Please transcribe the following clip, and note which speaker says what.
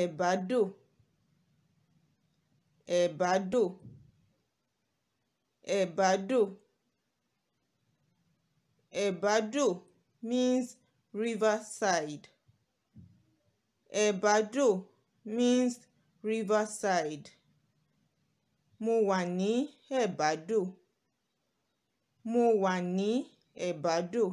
Speaker 1: ẹ̀bádò ẹ̀bádò ẹ̀bádò ẹ̀bádò means riverside ẹ̀bádò means riverside mo wà ní ẹ̀bádò mo wà ní
Speaker 2: ẹ̀bádò.